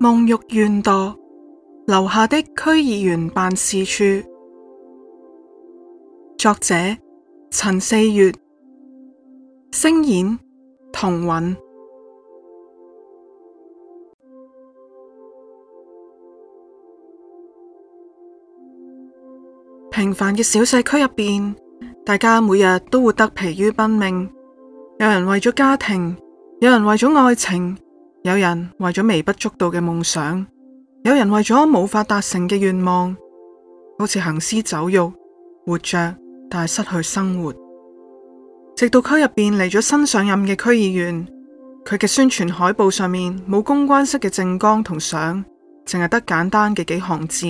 夢慾願墮樓下的區議員辦事處。作者：陳四月。聲演：童韻。平凡嘅小社區入邊，大家每日都活得疲於奔命，有人為咗家庭，有人為咗愛情。有人為咗微不足道嘅夢想，有人為咗無法達成嘅願望，好似行屍走肉，活着但係失去生活。直到區入邊嚟咗新上任嘅區議員，佢嘅宣傳海報上面冇公關式嘅政綱同相，淨係得簡單嘅幾行字：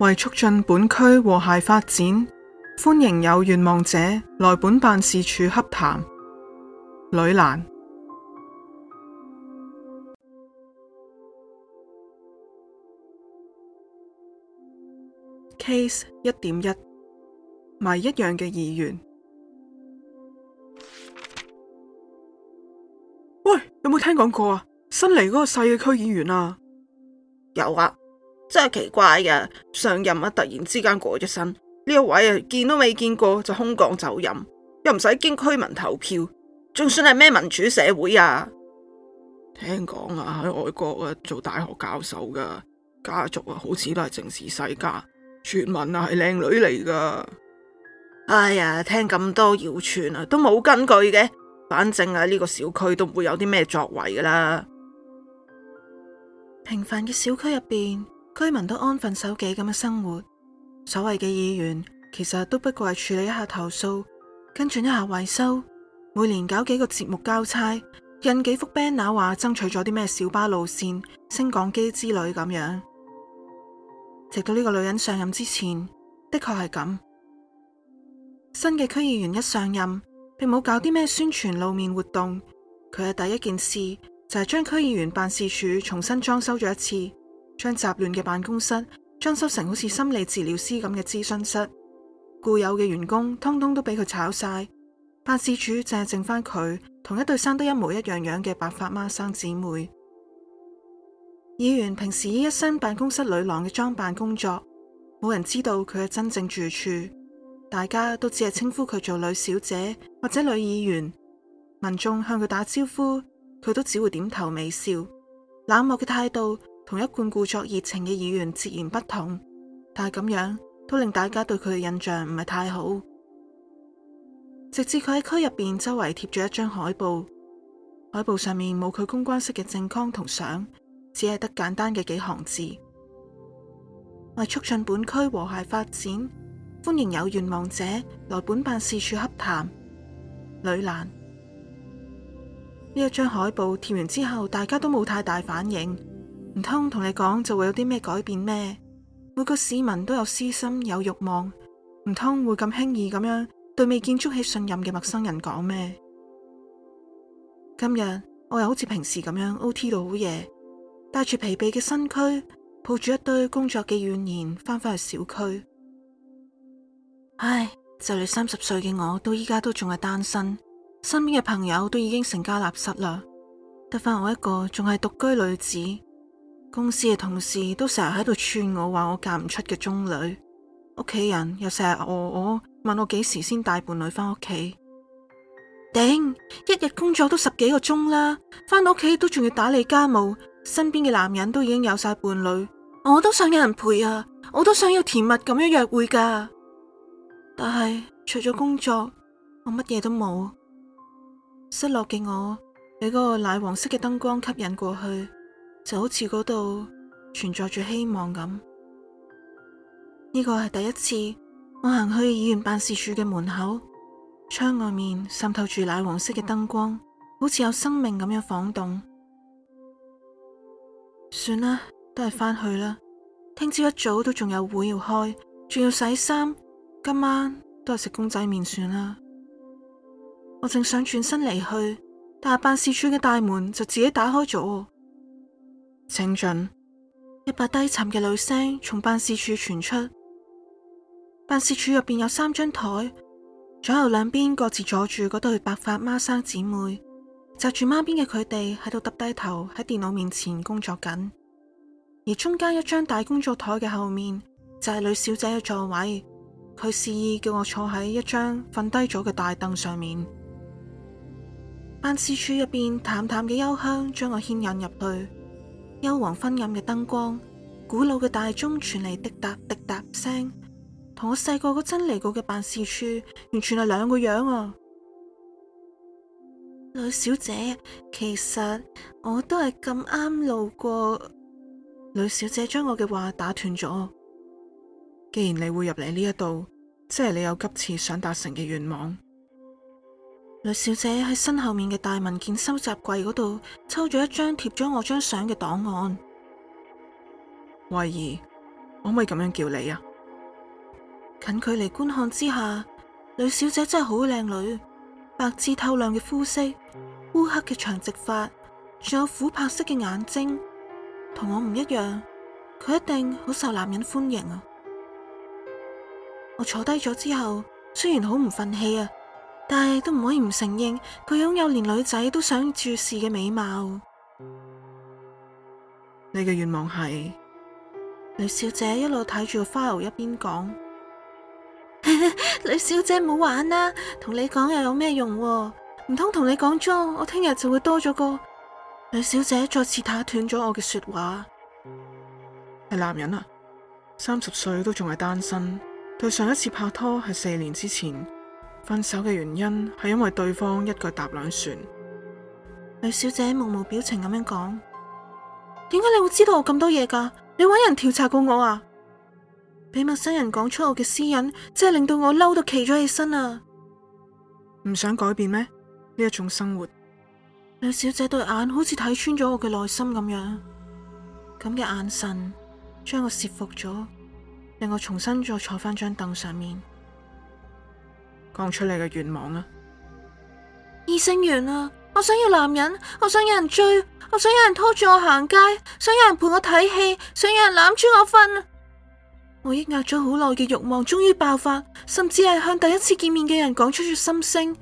為促進本區和諧發展，歡迎有願望者來本辦事處洽談。呂蘭。Case 一點一，咪一樣嘅議員。喂，有冇聽講過啊？新嚟嗰個細嘅區議員啊？有啊，真係奇怪㗎，上任啊突然之間過咗身，呢個位啊見都未見過就空降就任，又唔使經區民投票，仲算係咩民主社會啊？聽講啊喺外國啊做大學教授噶，家族啊好似都係政治世家。傳聞啊係靚女嚟噶，哎呀，聽咁多謠傳啊，都冇根據嘅。反正喺呢個小區都唔會有啲咩作為噶啦。平凡嘅小區入邊，居民都安分守己咁嘅生活。所謂嘅議員，其實都不過係處理一下投訴，跟住一下維修，每年搞幾個節目交差，印幾幅 banner 話爭取咗啲咩小巴路線、升降機之類咁樣。直到呢個女人上任之前，的確係咁。新嘅區議員一上任，並冇搞啲咩宣傳露面活動。佢嘅第一件事就係將區議員辦事處重新裝修咗一次，將雜亂嘅辦公室裝修成好似心理治療師咁嘅諮詢室。固有嘅員工通通都俾佢炒晒，辦事處淨係剩翻佢同一對生得一模一樣樣嘅白髮孖生姊妹。議員平時以一身辦公室女郎嘅裝扮工作，冇人知道佢嘅真正住處，大家都只係稱呼佢做呂小姐或者呂議員。民眾向佢打招呼，佢都只會點頭微笑，冷漠嘅態度同一貫故作熱情嘅議員截然不同。但係咁樣都令大家對佢嘅印象唔係太好。直至佢喺區入邊周圍貼住一張海報，海報上面冇佢公關式嘅政綱同相。只係得簡單嘅幾行字，為促進本區和諧發展，歡迎有願望者來本辦事處洽談。呂蘭。呢一張海報貼完之後，大家都冇太大反應，唔通同你講就會有啲咩改變咩？每個市民都有私心，有慾望，唔通會咁輕易咁樣對未建築起信任嘅陌生人講咩？今日我又好似平時咁樣 O.T. 到好夜。帶住疲憊嘅身軀，抱住一堆工作嘅怨言，返返去小區。唉，就你三十歲嘅我，到依家都仲係單身，身邊嘅朋友都已經成家立室啦，得返我一個仲係獨居女子。公司嘅同事都成日喺度串我話我嫁唔出嘅中女，屋企人又成日餓我，問我幾時先帶伴侶返屋企。頂，一日工作都十幾個鐘啦，返到屋企都仲要打理家務。身邊嘅男人都已經有曬伴侶，我都想有人陪啊！我都想要甜蜜咁樣約會噶。但係除咗工作，我乜嘢都冇。失落嘅我被嗰個奶黃色嘅燈光吸引過去，就好似嗰度存在住希望咁。呢個係第一次我行去議員辦事處嘅門口，窗外面滲透住奶黃色嘅燈光，好似有生命咁樣晃動。算啦，都係返去啦。聽朝一早都仲有會要開，仲要洗衫，今晚都係食公仔麵算啦。我正想轉身離去，但係辦事處嘅大門就自己打開咗。請進。一把低沉嘅女聲從辦事處傳出。辦事處入邊有三張台，左右兩邊各自阻住嗰對白髮孖生姊妹。站住孖邊嘅佢哋喺度揼低頭，喺電腦面前工作緊，而中間一張大工作台嘅後面就係呂小姐嘅座位。佢示意叫我坐喺一張瞓低咗嘅大凳上面。辦事處入邊淡淡嘅幽香將我牽引入去，幽黃昏暗嘅燈光，古老嘅大鐘傳嚟滴答滴答聲，同我細個嗰陣嚟過嘅辦事處完全係兩個樣啊！呂小姐，其實我都係咁啱路過。呂小姐將我嘅話打斷咗。既然你會入嚟呢一度，即係你有今次想達成嘅願望。呂小姐喺身後面嘅大文件收集櫃嗰度，抽咗一張貼咗我張相嘅檔案。慧兒，我可唔可以咁樣叫你啊？近距離觀看之下，呂小姐真係好靚女。白皙透亮嘅膚色，烏黑嘅長直髮，仲有琥珀色嘅眼睛，同我唔一樣。佢一定好受男人歡迎啊！我坐低咗之後，雖然好唔忿氣啊，但係都唔可以唔承認佢擁有連女仔都想注視嘅美貌。你嘅願望係？呂小姐一路睇住個花牛一邊講。女 小姐，冇玩啦，同你講又有咩用啊？唔通同你講咗，我聽日就會多咗個呂小姐再次打斷咗我嘅說話。係男人啊，三十歲都仲係單身，對上一次拍拖係四年之前，分手嘅原因係因為對方一腳踏兩船。呂小姐無無表情咁樣講，點解你會知道我咁多嘢噶？你揾人調查過我啊？俾陌生人講出我嘅私隱，真係令到我嬲到企咗起身啊！唔想改變咩？呢一種生活，呂小姐對眼好似睇穿咗我嘅內心咁樣，咁嘅眼神將我懾服咗，令我重新再坐翻張凳上面。講出你嘅願望啊！異性緣啊！我想要男人，我想有人追，我想有人拖住我行街，想有人陪我睇戲，想有人攬住我瞓。我抑壓咗好耐嘅欲望，終於爆發，甚至係向第一次見面嘅人講出咗心聲。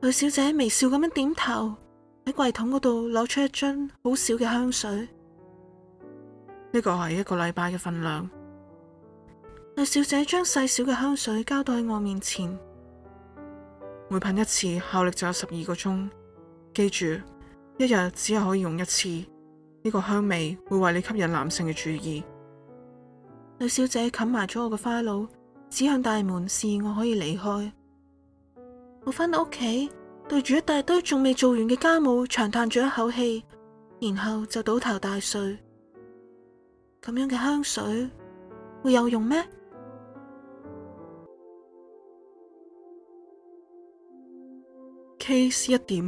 呂小姐微笑咁樣點頭，喺櫃桶嗰度攞出一樽好小嘅香水。呢個係一個禮拜嘅份量。呂小姐將細小嘅香水交到喺我面前，每噴一次效力就有十二個鐘。記住，一日只係可以用一次。呢個香味會為你吸引男性嘅注意。呂小姐冚埋咗我嘅花露，指向大門示意我可以離開。我返到屋企，對住一大堆仲未做完嘅家務，長嘆咗一口氣，然後就倒頭大睡。咁樣嘅香水會有用咩？Case 一點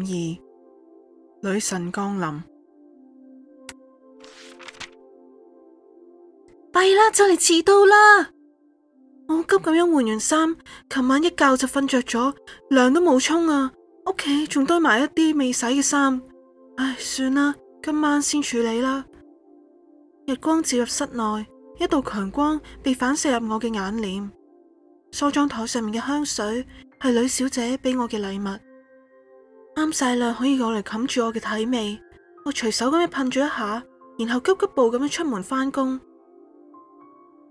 二，女神降臨。弊啦，就嚟遲到啦！我急咁樣換完衫，琴晚一覺就瞓着咗，涼都冇沖啊！屋企仲堆埋一啲未洗嘅衫，唉，算啦，今晚先處理啦。日光照入室內，一道強光被反射入我嘅眼簾。梳妝台上面嘅香水係呂小姐俾我嘅禮物，啱晒啦，可以攞嚟冚住我嘅體味。我隨手咁樣噴咗一下，然後急急步咁樣出門返工。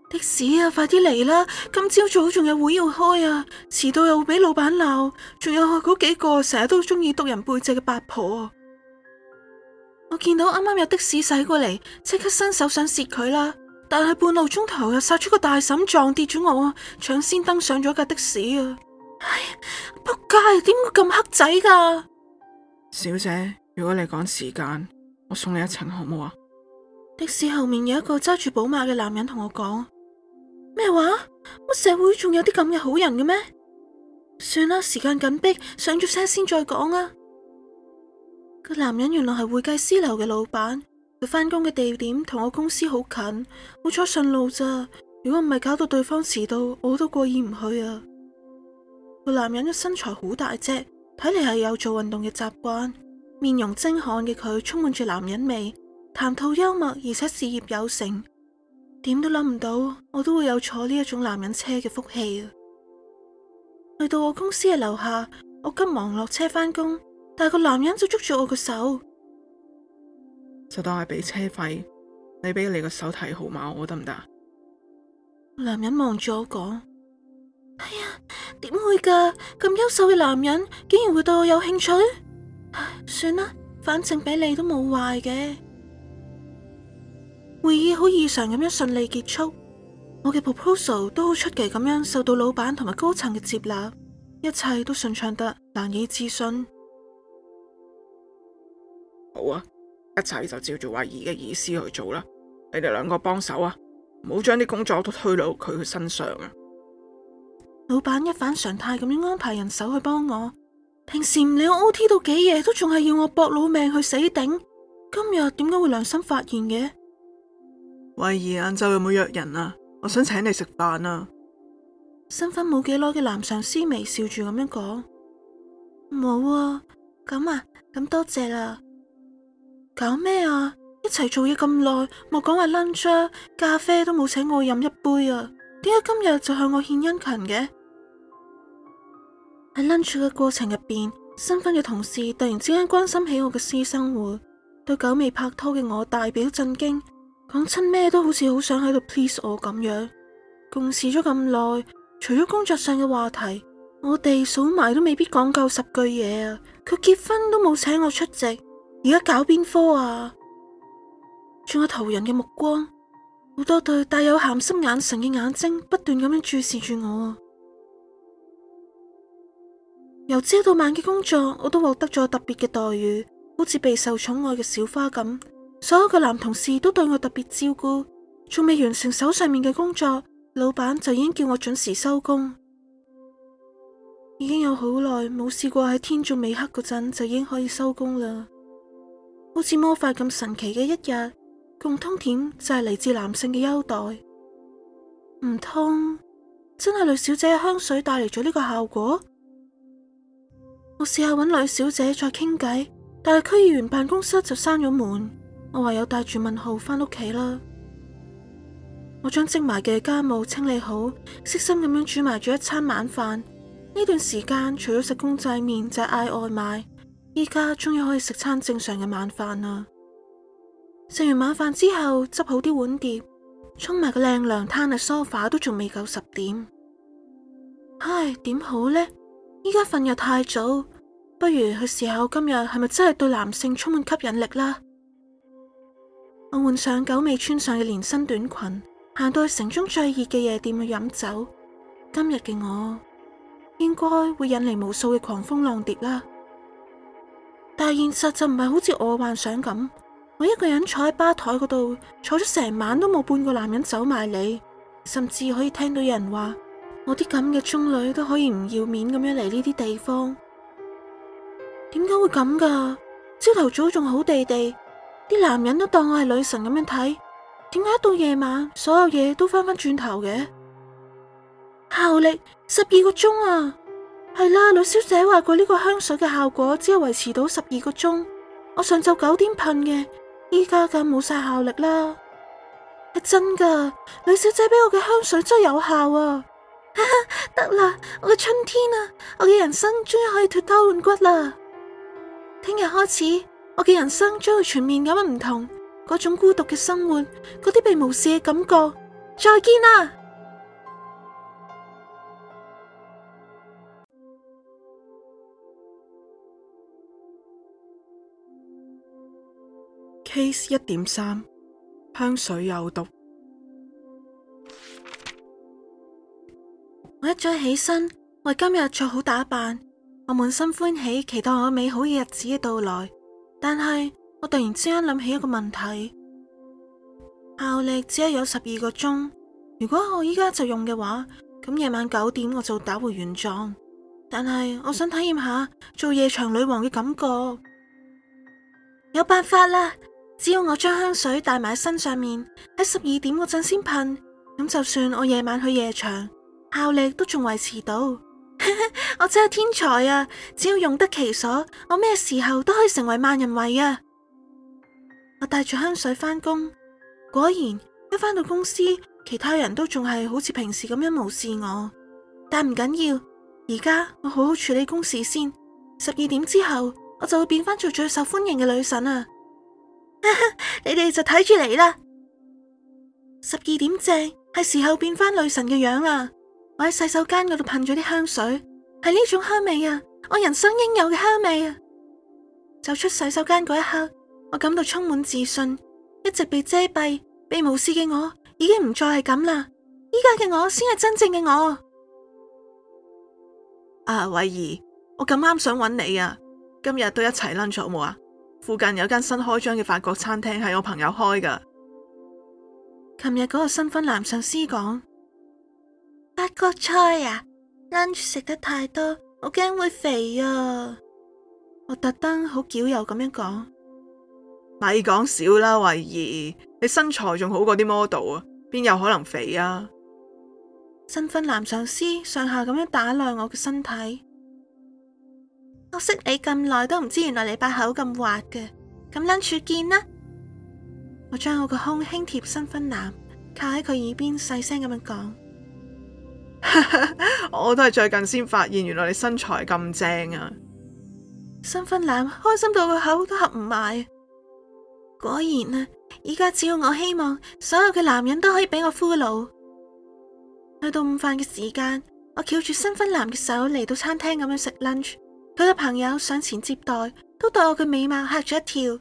的士啊，快啲嚟啦！今朝早仲有會要開啊，遲到又會俾老闆鬧。仲有嗰幾個成日都中意督人背脊嘅八婆啊！我見到啱啱有的士駛過嚟，即刻伸手想截佢啦，但係半路中途又殺出個大嬸，撞跌咗我，啊，搶先登上咗架的士啊！唉，仆街，點會咁黑仔噶？小姐，如果你趕時間，我送你一程好唔好啊？的士後面有一個揸住寶馬嘅男人同我講。咩話？乜社會仲有啲咁嘅好人嘅咩？算啦，時間緊迫，上咗車先再講啊！個男人原來係會計師樓嘅老闆，佢返工嘅地點同我公司好近，好彩順路咋。如果唔係，搞到對方遲到，我都過意唔去啊！個男人嘅身材好大隻，睇嚟係有做運動嘅習慣。面容精悍嘅佢，充滿住男人味，談吐幽默，而且事業有成。點都諗唔到，我都會有坐呢一種男人車嘅福氣啊！去到我公司嘅樓下，我急忙落車返工，但係個男人就捉住我個手，就當係俾車費，你俾你個手提號碼我得唔得？男人望住我講：哎呀，點會噶？咁優秀嘅男人竟然會對我有興趣？唉，算啦，反正俾你都冇壞嘅。會議好異常咁樣順利結束，我嘅 proposal 都好出奇咁樣受到老闆同埋高層嘅接納，一切都順暢得難以置信。好啊，一切就照住慧兒嘅意思去做啦。你哋兩個幫手啊，唔好將啲工作都推到佢嘅身上啊！老闆一反常態咁樣安排人手去幫我，平時唔理我 O T 到幾夜都仲係要我搏老命去死頂，今日點解會良心發現嘅？慧儀，晏晝有冇約人啊？我想請你食飯啊！新婚冇幾耐嘅男上司微笑住咁樣講：「冇啊，咁啊，咁多謝啊。」搞咩啊？一齊做嘢咁耐，莫講話 lunch 啊咖啡都冇請我飲一杯啊？點解今日就向我獻殷勤嘅？喺 lunch 嘅過程入邊，新婚嘅同事突然之間關心起我嘅私生活，對久未拍拖嘅我大表震驚。講親咩都好似好想喺度 please 我咁樣，共事咗咁耐，除咗工作上嘅話題，我哋數埋都未必講夠十句嘢啊！佢結婚都冇請我出席，而家搞邊科啊？仲有途人嘅目光，好多對帶有鹹濕眼神嘅眼睛，不斷咁樣注視住我啊！由朝到晚嘅工作，我都獲得咗特別嘅待遇，好似備受寵愛嘅小花咁。所有嘅男同事都對我特別照顧，仲未完成手上面嘅工作，老闆就已經叫我準時收工。已經有好耐冇試過喺天仲未黑嗰陣就已經可以收工啦，好似魔法咁神奇嘅一日。共通點就係嚟自男性嘅優待，唔通真係呂小姐嘅香水帶嚟咗呢個效果？我試下搵呂小姐再傾偈，但係區議員辦公室就閂咗門。我唯有帶住問號返屋企啦。我將積埋嘅家務清理好，悉心咁樣煮埋咗一餐晚飯。呢段時間除咗食公仔麵就嗌外賣，依家終於可以食餐正常嘅晚飯啦。食完晚飯之後，執好啲碗碟，沖埋個靚涼，攤喺梳化都仲未夠十點。唉，點好呢？依家瞓又太早，不如去試下今日係咪真係對男性充滿吸引力啦。我換上久未穿上嘅連身短裙，行到去城中最熱嘅夜店去飲酒。今日嘅我，應該會引嚟無數嘅狂蜂浪蝶啦。但係現實就唔係好似我幻想咁，我一個人坐喺吧台嗰度坐咗成晚都冇半個男人走埋嚟，甚至可以聽到有人話我啲咁嘅中女都可以唔要面咁樣嚟呢啲地方，點解會咁㗎？朝頭早仲好地地。啲男人都當我係女神咁樣睇，點解一到夜晚所有嘢都翻返轉頭嘅？效力十二個鐘啊！係啦，呂小姐話過呢個香水嘅效果只係維持到十二個鐘。我上晝九點噴嘅，依家梗冇晒效力啦。係真噶，呂小姐俾我嘅香水真係有效啊！哈哈，得啦，我嘅春天啊，我嘅人生終於可以脫胎換骨啦！聽日開始。我嘅人生將會全面噉樣唔同？嗰種孤獨嘅生活，嗰啲被無視嘅感覺，再見啦。Case 一點三，香水有毒。我一早起身，為今日着好打扮，我滿心歡喜，期待我美好嘅日子嘅到來。但係，我突然之間諗起一個問題，效力只係有十二個鐘。如果我而家就用嘅話，咁夜晚九點我就打回原狀。但係，我想體驗下做夜場女王嘅感覺。 有辦法啦！只要我將香水帶埋身上面，喺十二點嗰陣先噴，咁就算我夜晚去夜場，效力都仲維持到。 我真係天才啊！只要用得其所，我咩時候都可以成為萬人迷啊！我帶住香水返工，果然一返到公司，其他人都仲係好似平時咁樣無視我。但唔緊要，而家我好好處理公事先。十二點之後，我就會變翻做最受歡迎嘅女神啊！ 你哋就睇住嚟啦！十二點正，係時候變翻女神嘅樣啊！我喺洗手間嗰度噴咗啲香水，係呢種香味啊！我人生應有嘅香味啊！走出洗手間嗰一刻，我感到充滿自信。一直被遮蔽、被無視嘅我，已經唔再係咁啦。依家嘅我，先係真正嘅我。啊，偉兒，我咁啱想揾你啊！今日都一齊 lunch 好冇啊？附近有間新開張嘅法國餐廳，係我朋友開㗎。琴日嗰個新婚男上司講。法國菜啊，lunch 食得太多，我驚會肥啊！我特登好矯揉咁樣講，咪講笑啦，惠儀，你身材仲好過啲 model 啊，邊有可能肥啊？新婚男上司上下咁樣打量我嘅身體，我識你咁耐都唔知原來你把口咁滑嘅，咁 lunch 見啦！我將我個胸輕貼新婚男，靠喺佢耳邊細聲咁樣講。 我都係最近先發現，原來你身材咁正啊！新婚男開心到個口都合唔埋，果然啊！依家只要我希望，所有嘅男人都可以俾我俘虜。去到午飯嘅時間，我翹住新婚男嘅手嚟到餐廳咁樣食 lunch，佢嘅朋友上前接待，都對我嘅美貌吓咗一跳。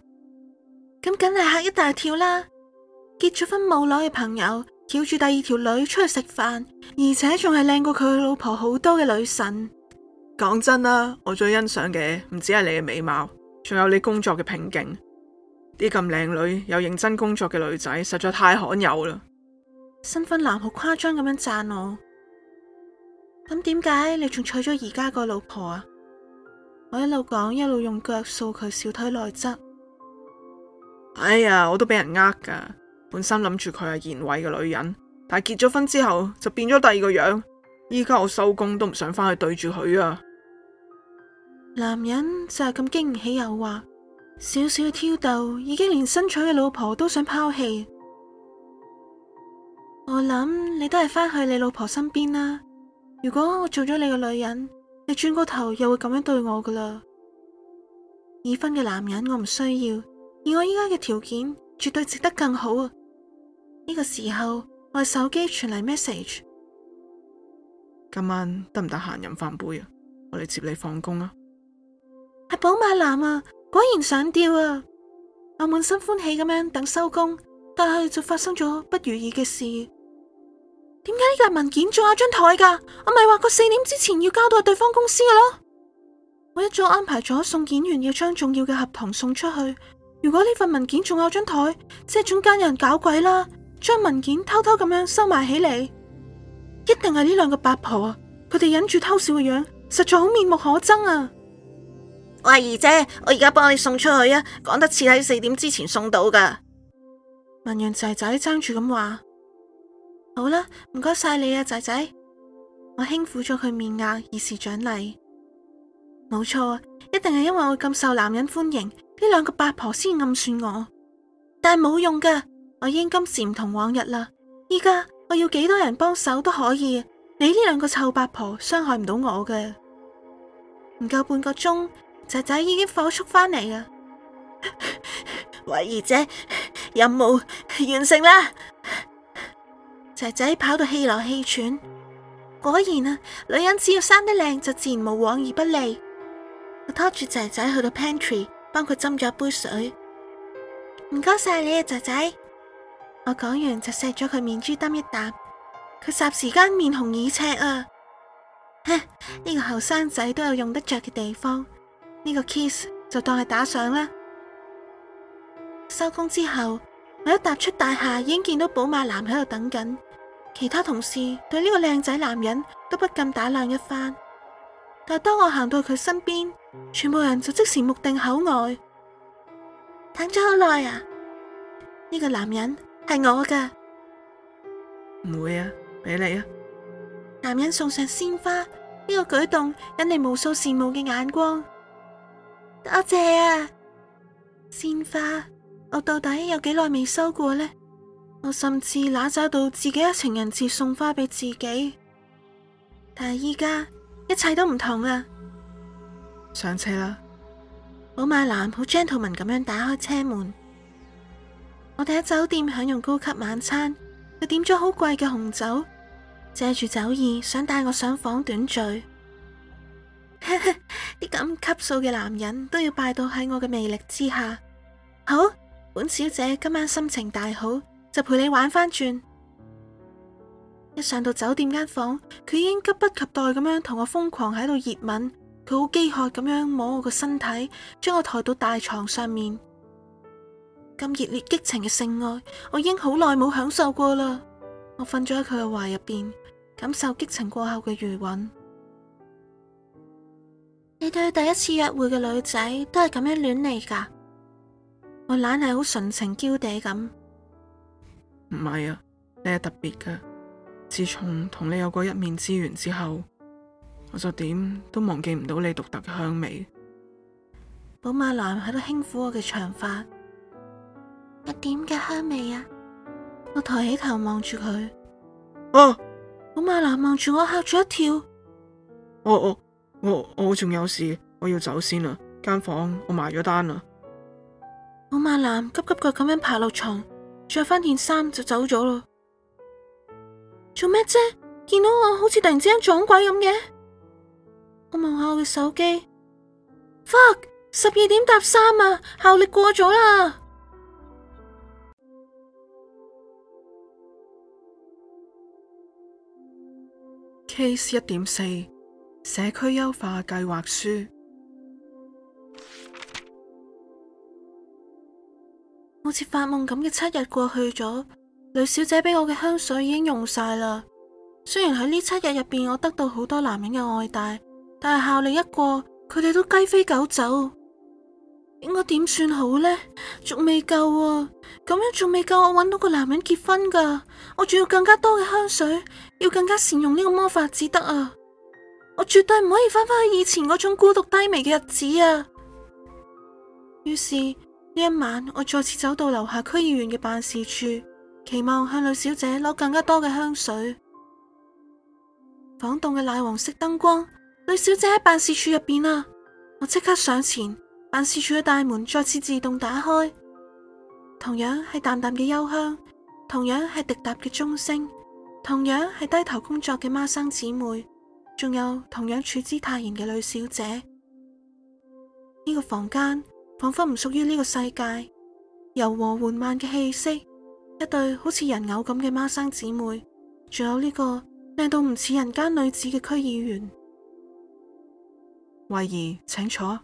咁梗係吓一大跳啦！結咗婚冇攞嘅朋友，叫住第二條女出去食飯，而且仲係靚過佢老婆好多嘅女神。講真啦，我最欣賞嘅唔止係你嘅美貌，仲有你工作嘅平靜。啲咁靚女有認真工作嘅女仔實在太罕有啦。新婚男好誇張咁樣讚我，咁點解你仲娶咗而家個老婆啊？我一路講，一路用腳掃佢小腿內側。哎呀，我都俾人呃噶。本身諗住佢係賢惠嘅女人，但係結咗婚之後就變咗第二個樣。依家我收工都唔想翻去對住佢啊！男人就係咁經唔起誘惑，小小嘅挑逗已經連新娶嘅老婆都想拋棄。我諗你都係翻去你老婆身邊啦。如果我做咗你嘅女人，你轉個頭又會咁樣對我噶啦。已婚嘅男人我唔需要，而我依家嘅條件絕對值得更好啊！呢個時候我手機傳嚟 message，今晚得唔得閒飲飯杯啊？我嚟接你放工啊！係寶馬男啊，果然上釣啊！我滿心歡喜咁樣等收工，但係就發生咗不如意嘅事。點解呢份文件仲有張台？噶我咪話過四點之前要交代對方公司嘅咯。我一早安排咗送件員要將重要嘅合同送出去。如果呢份文件仲有張台，即係中間有人搞鬼啦。將文件偷偷咁樣收埋起嚟，一定係呢兩個八婆，啊。佢哋忍住偷笑嘅樣，實在好面目可憎啊！喂，姨姐，我而家幫你送出去啊，講得似喺四點之前送到噶。文揚仔仔爭住咁話：好啦，唔該晒你啊，仔仔。我輕撫咗佢面額以示獎勵。冇錯，一定係因為我咁受男人歡迎，呢兩個八婆先暗算我，但係冇用噶。我已經今時唔同往日啦，依家我要幾多人幫手都可以，你呢兩個臭八婆傷害唔到我嘅。唔夠半個鐘，仔仔已經火速返嚟啦，偉兒 姐，任務完成啦！仔仔跑到氣流氣喘，果然啊，女人只要生得靚就自然無往而不利。我拖住仔仔去到 pantry，幫佢斟咗一杯水，唔該晒你啊，仔仔。我講完就錫咗佢面珠墩一啖，佢霎時間面紅耳赤啊！哼！呢個後生仔都有用得着嘅地方，呢個 kiss 就當係打賞啦。收工之後，我一踏出大廈已經見到寶馬男喺度等緊，其他同事對呢個靚仔男人都不禁打量一番。但係當我行到佢身邊，全部人就即時目定口呆。等咗好耐啊！呢個男人。係我㗎，唔會啊，俾你啊！男人送上鮮花，呢個舉動引嚟無數羨慕嘅眼光。多謝啊！鮮花，我到底有幾耐未收過呢？我甚至拿走到自己嘅情人節送花俾自己，但係依家一切都唔同啊。上車啦！寶馬男好 gentleman 咁樣打開車門。我哋喺酒店享用高級晚餐，佢點咗好貴嘅紅酒，借住酒意想帶我上房短聚。啲 咁級數嘅男人都要拜到喺我嘅魅力之下。好，本小姐今晚心情大好，就陪你玩翻轉。一上到酒店間房，佢已經急不及待咁樣同我瘋狂喺度熱吻，佢好飢渴咁樣摸我個身體，將我抬到大床上面。咁熱烈激情嘅性愛，我已經好耐冇享受過啦！我瞓咗喺佢嘅懷入邊，感受激情過後嘅餘韻。 你對第一次約會嘅女仔都係咁樣亂嚟噶？我懶係好純情嬌嗲咁。唔係啊？你係特別嘅。自從同你有過一面之緣之後，我就點都忘記唔到你獨特嘅香味。寶馬男喺度輕撫我嘅長髮。點嘅香味啊！我抬起頭望住佢、啊，哦，寶馬男望住我吓咗一跳。哦哦，我我仲有事，我要先走先啦。間房間我埋咗單啦。寶馬男急急腳咁樣爬落床，着翻件衫就走咗啦。做咩啫？見到我好似突然之間撞鬼咁嘅。我望下我嘅手機，fuck！十二點搭三啊，效力過咗啦。1 Case 一點四社區優化計劃書。好似發夢咁嘅七日過去咗，呂小姐俾我嘅香水已經用晒啦。雖然喺呢七日入邊，我得到好多男人嘅愛戴，但係效力一過，佢哋都雞飛狗走。應該點算好呢？仲未夠啊！咁樣仲未夠，我揾到個男人結婚噶，我仲要更加多嘅香水，要更加善用呢個魔法至得啊！我絕對唔可以翻返去以前嗰種孤獨低微嘅日子啊！於是呢一晚，我再次走到樓下區議員嘅辦事處，期望向呂小姐攞更加多嘅香水。晃動嘅奶黃色燈光，呂小姐喺辦事處入邊啊。我即刻上前。辦事處嘅大門再次自動打開，同樣係淡淡嘅幽香，同樣係滴答嘅鐘聲，同樣係低頭工作嘅孖生姊妹，仲有同樣處之泰然嘅呂小姐。呢、這個房間仿佛唔屬於呢個世界，柔和緩慢嘅氣息，一對好似人偶咁嘅孖生姊妹，仲有呢、這個靚到唔似人間女子嘅區議員。惠兒，請坐。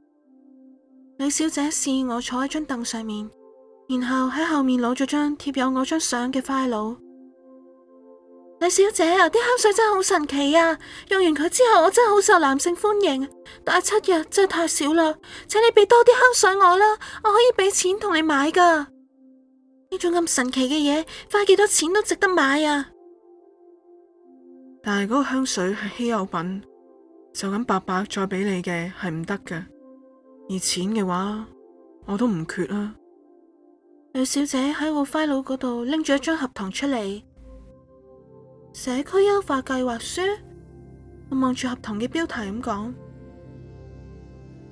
呂小姐示意我坐喺張凳上面，然後喺後面攞咗張貼有我張相嘅花露。呂小姐呀，啲香水真係好神奇啊！用完佢之後，我真係好受男性歡迎。但係七日真係太少啦，請你畀多啲香水我啦，我可以畀錢同你買噶。呢種咁神奇嘅嘢，花幾多錢都值得買啊！但係嗰個香水係稀有品，就咁白白再畀你嘅係唔得㗎。而錢嘅話，我都唔缺啦。呂小姐喺我輝佬嗰度拎咗一張合同出嚟，社區優化計劃書。我望住合同嘅標題咁講，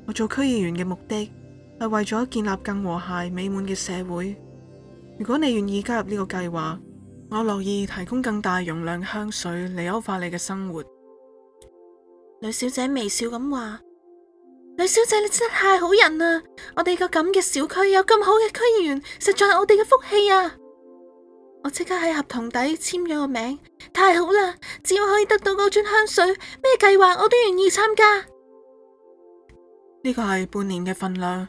我做區議員嘅目的係為咗建立更和諧美滿嘅社會。如果你願意加入呢個計劃，我樂意提供更大容量香水嚟優化你嘅生活。呂小姐微笑咁話。呂小姐，你真係太好人啦！我哋個咁嘅小區有咁好嘅區議員，實在係我哋嘅福氣啊！我即刻喺合同底簽咗個名，太好啦！只要可以得到嗰樽香水，咩計劃我都願意參加。呢個係半年嘅份量，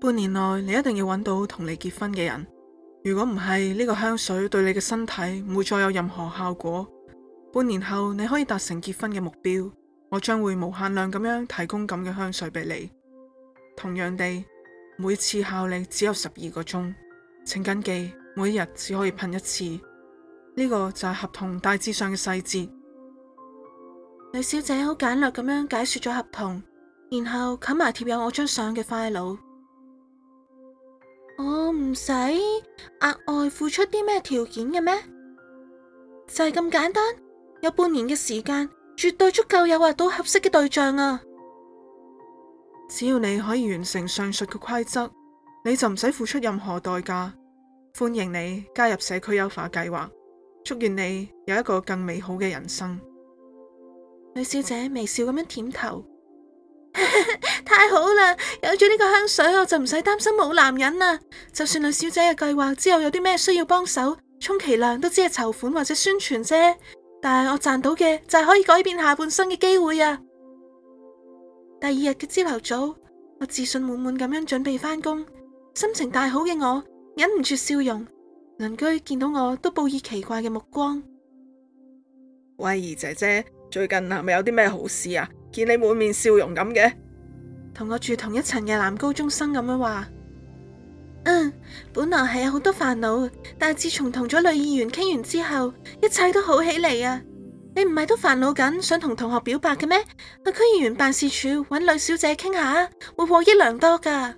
半年內你一定要揾到同你結婚嘅人。如果唔係，呢個香水對你嘅身體唔會再有任何效果。半年後你可以達成結婚嘅目標。我將會無限量咁樣提供咁嘅香水俾你，同樣地，每次效力只有十二個鐘，請謹記，每日只可以噴一次。呢、這個就係合同大致上嘅細節。呂小姐好簡略咁樣解說咗合同，然後冚埋貼有我張相嘅快勞。我唔使額外付出啲咩條件嘅咩？就係、是、咁簡單，有半年嘅時間。絕對足夠誘惑到合適嘅對象啊！只要你可以完成上述嘅規則，你就唔使付出任何代價，歡迎你加入社區優化計劃。祝願你有一個更美好嘅人生。呂小姐微笑咁樣點頭， 太好啦！有咗呢個香水，我就唔使擔心冇男人啦。就算呂小姐嘅計劃之後有啲咩需要幫手，充其量都只係籌款或者宣傳啫。但係我賺到嘅，就係可以改變下半生嘅機會啊！第二日嘅朝頭早，我自信滿滿咁樣準備返工，心情大好嘅我忍唔住笑容。鄰居見到我都報以奇怪嘅目光。威儀姐姐最近係咪有啲咩好事啊？見你滿面笑容咁嘅，同我住同一層嘅男高中生咁樣話。嗯，本來係有好多煩惱，但係自從同咗女議員傾完之後，一切都好起嚟啊！你唔係都煩惱緊想同同學表白嘅咩？去區議員辦事處揾呂小姐傾下，會獲益良多噶。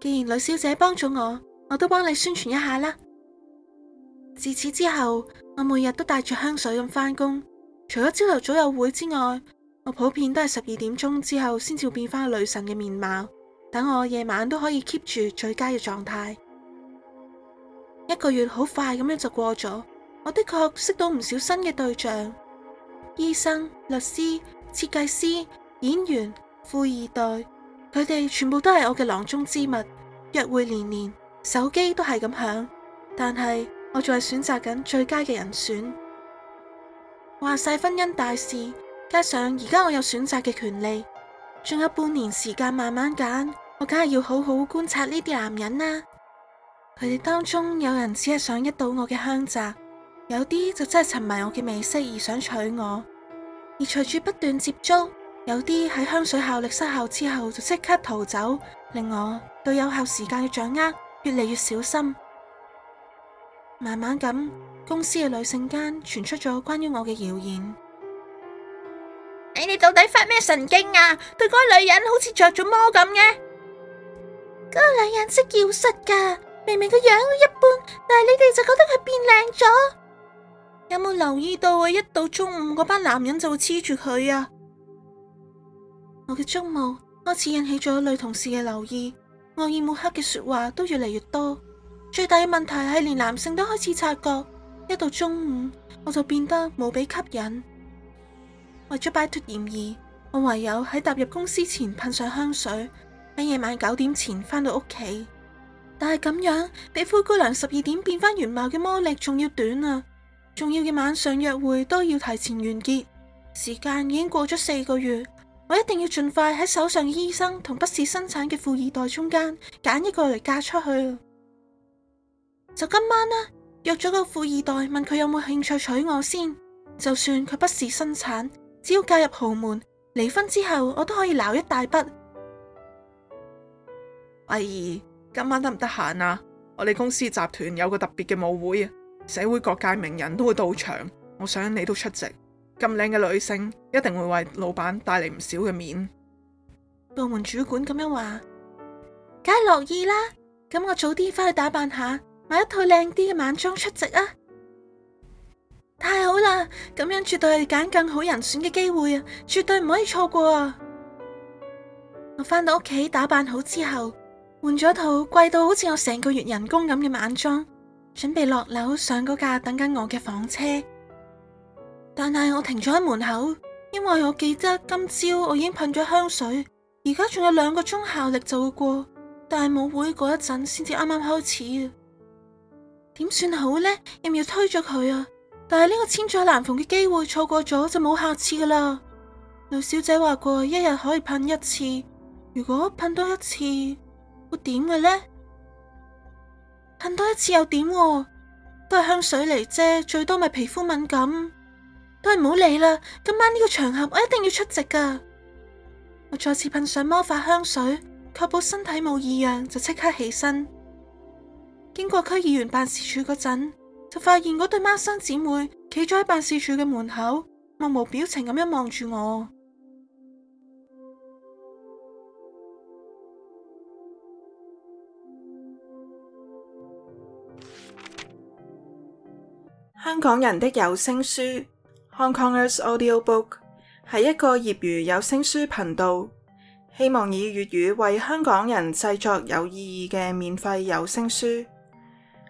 既然呂小姐幫咗我，我都幫你宣傳一下啦。自此之後，我每日都帶住香水咁返工，除咗朝頭早有會之外，我普遍都係十二點鐘之後先至變翻女神嘅面貌。等我夜晚都可以 keep 住最佳嘅狀態。一個月好快咁樣就過咗，我的確識到唔少新嘅對象，醫生、律師、設計師、演員、富二代，佢哋全部都係我嘅囊中之物。約會連連，手機都係咁響，但係我仲係選擇緊最佳嘅人選。話晒婚姻大事，加上而家我有選擇嘅權利，仲有半年時間慢慢揀。我梗係要好好觀察呢啲男人啦，佢哋當中有人只係想一睹我嘅香澤，有啲就真係沉迷我嘅美色而想娶我，而隨住不斷接觸，有啲喺香水效力失效之後就即刻逃走，令我對有效時間嘅掌握越嚟越小心。慢慢咁，公司嘅女性間傳出咗關於我嘅謠言。你哋到底發咩神經啊？對嗰個女人好似着咗魔咁嘅。嗰個女人識妖術噶，明明個樣一般，但係你哋就覺得佢變靚咗。有冇留意到啊？一到中午嗰班男人就會黐住佢啊！我嘅矚目開始引起咗女同事嘅留意，惡意抹黑嘅說話都越嚟越多。最大嘅問題係連男性都開始察覺，一到中午我就變得無比吸引。為咗擺脫嫌疑，我唯有喺踏入公司前噴上香水。喺夜晚九點前翻到屋企，但係咁樣比灰姑娘十二點變翻原貌嘅魔力仲要短啊！重要嘅晚上約會都要提前完結。時間已經過咗四個月，我一定要盡快喺手上嘅醫生同不事生產嘅富二代中間揀一個嚟，嫁出去。就今晚啦，約咗個富二代，問佢有冇興趣娶我先。就算佢不事生產，只要嫁入豪門，離婚之後我都可以撈一大筆。哎，今晚得唔得閒啊？我哋公司集團有個特別嘅舞會啊，社會各界名人都會到場，我想你都出席。咁靚嘅女性，一定會為老闆帶嚟唔少嘅面。部門主管咁樣話，梗係樂意啦。咁我早啲翻去打扮下，買一套靚啲嘅晚裝出席啊！太好啦，咁樣絕對係揀更好人選嘅機會啊，絕對唔可以錯過啊！我翻到屋企打扮好之後。換咗套貴到好似我成個月人工咁嘅晚裝，準備落樓上嗰架等緊我嘅房車。但係我停咗喺門口，因為我記得今朝我已經噴咗香水，而家仲有兩個鐘效力就會過。但係舞會嗰一陣先至啱啱開始啊，點算好呢？要唔要推咗佢啊？但係呢個千載難逢嘅機會錯過咗就冇下次噶啦。呂小姐話過，一日可以噴一次，如果噴多一次。會點嘅呢？噴多一次又點啊？都係香水嚟啫，最多咪皮膚敏感。都係唔好理啦。今晚呢個場合，我一定要出席噶。我再次噴上魔法香水，確保身體冇異樣，就即刻起身。經過區議員辦事處嗰陣，就發現嗰對孖生姊妹企咗喺辦事處嘅門口，目無表情咁樣望住我。香港人的有聲書《Hong Kongers Audio Book》係一個業餘有聲書頻道，希望以粵語為香港人製作有意義嘅免費有聲書。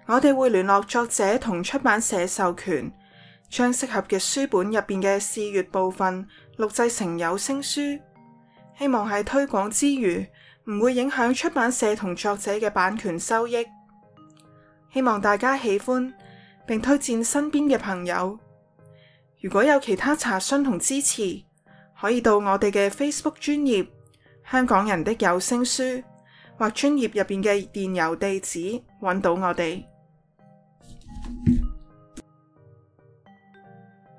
我哋會聯絡作者同出版社授權，將適合嘅書本入邊嘅試閱部分錄製成有聲書，希望喺推廣之餘，唔會影響出版社同作者嘅版權收益。希望大家喜歡。並推薦身邊嘅朋友。如果有其他查詢同支持，可以到我哋嘅 Facebook 專頁《香港人的有聲書》或專頁入邊嘅電郵地址揾到我哋。